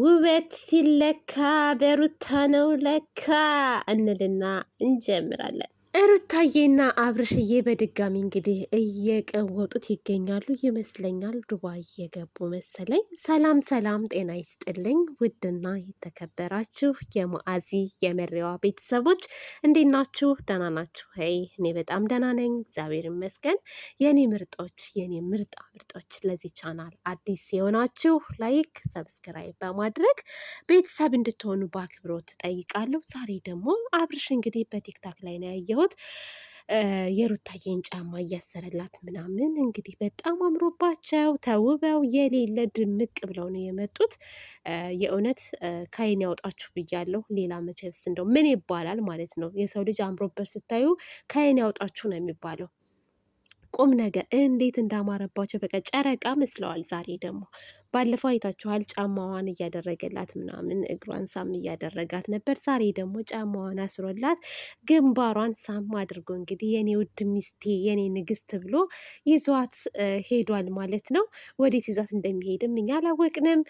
ውበት ሲለካ በሩታ ነው ለካ እንልና እንጀምራለን። እሩታዬና አብርሽዬ በድጋሚ እንግዲህ እየቀወጡት ይገኛሉ ይመስለኛል። ዱባይ እየገቡ መሰለኝ። ሰላም ሰላም፣ ጤና ይስጥልኝ ውድና የተከበራችሁ የማአዚ የመሪዋ ቤተሰቦች እንዴት ናችሁ? ደህና ናችሁ? ይ እኔ በጣም ደህና ነኝ፣ እግዚአብሔር ይመስገን። የኔ ምርጦች፣ የኔ ምርጣ ምርጦች፣ ለዚህ ቻናል አዲስ የሆናችሁ ላይክ፣ ሰብስክራይብ በማድረግ ቤተሰብ እንድትሆኑ በአክብሮት ትጠይቃለሁ ዛሬ ደግሞ አብርሽ እንግዲህ በቲክታክ ላይ ነው ያየው። አምሮት የሩታዬን ጫማ እያሰረላት ምናምን እንግዲህ በጣም አምሮባቸው ተውበው የሌለ ድምቅ ብለው ነው የመጡት። የእውነት ከዓይን ያውጣችሁ ብያለሁ። ሌላ መቼስ እንደው ምን ይባላል ማለት ነው። የሰው ልጅ አምሮበት ስታዩ ከዓይን ያውጣችሁ ነው የሚባለው። ቁም ነገር እንዴት እንዳማረባቸው በቃ ጨረቃ መስለዋል። ዛሬ ደግሞ ባለፈው አይታችኋል ጫማዋን እያደረገላት ምናምን እግሯን ሳም እያደረጋት ነበር። ዛሬ ደግሞ ጫማዋን አስሮላት ግንባሯን ሳም አድርጎ እንግዲህ የኔ ውድ ሚስቴ የኔ ንግስት ብሎ ይዟት ሄዷል ማለት ነው። ወዴት ይዟት እንደሚሄድም እኛ አላወቅንም።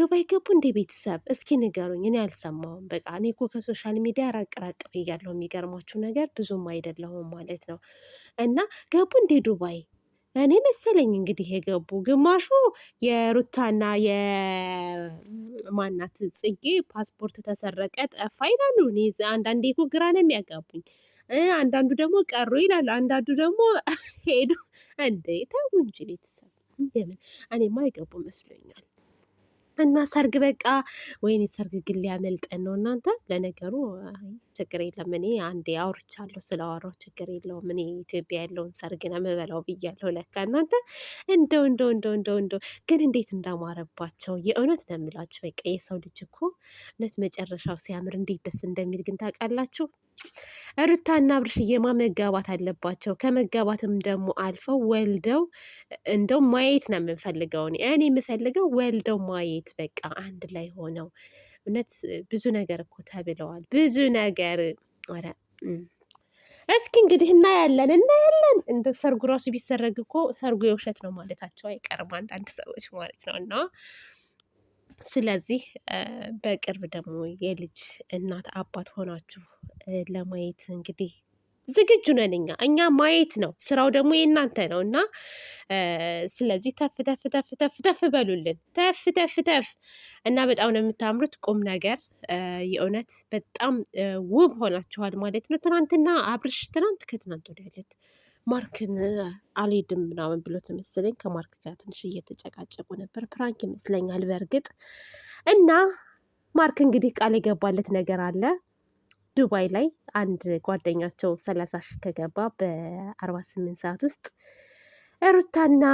ዱባይ ገቡ እንደ ቤተሰብ እስኪ ንገሩኝ፣ እኔ አልሰማውም። በቃ እኔ እኮ ከሶሻል ሚዲያ ራቅ ራቅ የሚገርማችሁ ነገር ብዙም አይደለሁም ማለት ነው። እና ገቡ እንደ ዱባይ እኔ መሰለኝ እንግዲህ የገቡ ግማሹ የሩታና የማናት ጽጌ ፓስፖርት ተሰረቀ ጠፋ ይላሉ። እኔ አንዳንዴ እኮ ግራ ነው የሚያጋቡኝ። አንዳንዱ ደግሞ ቀሩ ይላሉ። አንዳንዱ ደግሞ ሄዱ። እንዴ ተው እንጂ ቤተሰብ እንደምን እኔማ የገቡ መስሎኛል። እና ሰርግ በቃ ወይኔ ሰርግ ግን ሊያመልጠን ነው እናንተ። ለነገሩ ችግር የለም እኔ አንዴ አውርቻለሁ ስለዋራው ችግር የለውም። እኔ ኢትዮጵያ ያለውን ሰርግ ነው የምበላው ብያለሁ። ለካ እናንተ እንደው እንደው እንደው እንደው እንደው ግን እንዴት እንዳማረባቸው የእውነት ነው የምላችሁ። በቃ የሰው ልጅ እኮ እውነት መጨረሻው ሲያምር እንዴት ደስ እንደሚል ግን ታውቃላችሁ። ሩታና ብርሽዬማ መጋባት አለባቸው። ከመጋባትም ደግሞ አልፈው ወልደው እንደው ማየት ነው የምንፈልገው። እኔ የምፈልገው ወልደው ማየት በቃ አንድ ላይ ሆነው እውነት ብዙ ነገር እኮ ተብለዋል። ብዙ ነገር ኧረ እስኪ እንግዲህ እናያለን እናያለን። እንደ ሰርጉ ራሱ ቢሰረግ እኮ ሰርጉ የውሸት ነው ማለታቸው አይቀርም አንዳንድ ሰዎች ማለት ነው እና ስለዚህ በቅርብ ደግሞ የልጅ እናት አባት ሆናችሁ ለማየት እንግዲህ ዝግጁ ነን እኛ እኛ ማየት ነው ስራው ደግሞ የእናንተ ነው እና ስለዚህ ተፍ ተፍ ተፍ ተፍ ተፍ በሉልን ተፍ ተፍ ተፍ እና በጣም ነው የምታምሩት ቁም ነገር የእውነት በጣም ውብ ሆናችኋል ማለት ነው ትናንትና አብርሽ ትናንት ከትናንት ወዲያ ዕለት ማርክን አልሄድም ምናምን ብሎት መሰለኝ ከማርክ ጋር ትንሽ እየተጨቃጨቁ ነበር ፕራንክ ይመስለኛል በእርግጥ እና ማርክ እንግዲህ ቃል የገባለት ነገር አለ ዱባይ ላይ አንድ ጓደኛቸው ሰላሳ ሺህ ከገባ በአርባ ስምንት ሰዓት ውስጥ ሩታና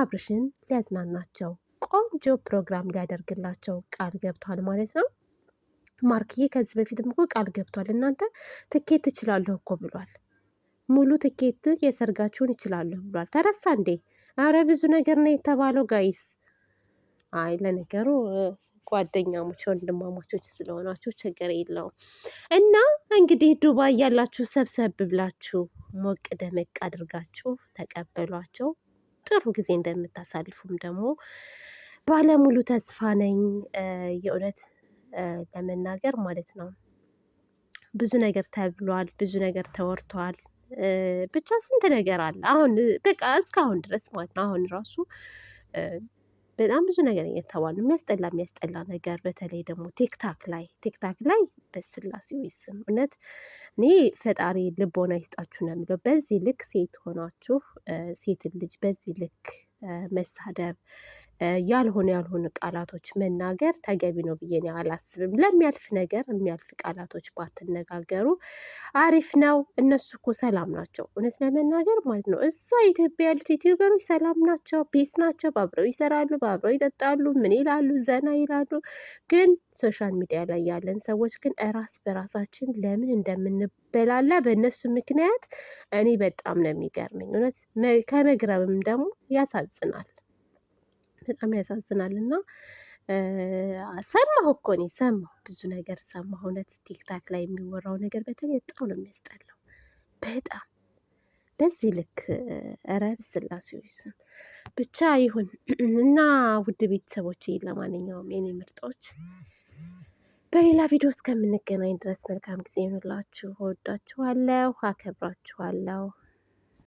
አብርሽን ሊያዝናናቸው ቆንጆ ፕሮግራም ሊያደርግላቸው ቃል ገብቷል ማለት ነው። ማርክዬ ከዚህ በፊትም እኮ ቃል ገብቷል። እናንተ ትኬት ትችላለሁ እኮ ብሏል። ሙሉ ትኬት የሰርጋችሁን ይችላለሁ ብሏል። ተረሳ እንዴ? አረ ብዙ ነገር ነው የተባለው ጋይስ አይ ለነገሩ ጓደኛሞች ወንድማማቾች ስለሆናችሁ ችግር የለውም። እና እንግዲህ ዱባይ ያላችሁ ሰብሰብ ብላችሁ ሞቅ ደመቅ አድርጋችሁ ተቀበሏቸው። ጥሩ ጊዜ እንደምታሳልፉም ደግሞ ባለሙሉ ተስፋ ነኝ። የእውነት ለመናገር ማለት ነው። ብዙ ነገር ተብሏል፣ ብዙ ነገር ተወርቷል። ብቻ ስንት ነገር አለ። አሁን በቃ እስካሁን ድረስ ማለት ነው። አሁን ራሱ በጣም ብዙ ነገር እየተባሉ የሚያስጠላ የሚያስጠላ ነገር በተለይ ደግሞ ቲክታክ ላይ ቲክታክ ላይ በስላሴ ወይስም እውነት እኔ ፈጣሪ ልቦና ይስጣችሁ ነው የሚለው። በዚህ ልክ ሴት ሆናችሁ ሴትን ልጅ በዚህ ልክ መሳደብ ያልሆነ ያልሆነ ቃላቶች መናገር ተገቢ ነው ብዬ አላስብም። ለሚያልፍ ነገር የሚያልፍ ቃላቶች ባትነጋገሩ አሪፍ ነው። እነሱ እኮ ሰላም ናቸው፣ እውነት ለመናገር ማለት ነው። እዛ ኢትዮጵያ ያሉት ዩቲዩበሮች ሰላም ናቸው፣ ፒስ ናቸው። ባብረው ይሰራሉ፣ ባብረው ይጠጣሉ፣ ምን ይላሉ፣ ዘና ይላሉ። ግን ሶሻል ሚዲያ ላይ ያለን ሰዎች ግን እራስ በራሳችን ለምን እንደምንበላላ በእነሱ ምክንያት እኔ በጣም ነው የሚገርመኝ እውነት ከመግረምም ደግሞ ያሳዝናል። በጣም ያሳዝናል እና ሰማሁ እኮ እኔ ሰማሁ፣ ብዙ ነገር ሰማሁ። እውነት ቲክታክ ላይ የሚወራው ነገር በተለይ በጣም ነው የሚያስጠላው። በጣም በዚህ ልክ ረብ ስላሴ ስም ብቻ ይሁን እና ውድ ቤተሰቦች፣ ለማንኛውም የኔ ምርጦች በሌላ ቪዲዮ እስከምንገናኝ ድረስ መልካም ጊዜ ይሁንላችሁ። እወዳችኋለሁ፣ አከብራችኋለሁ።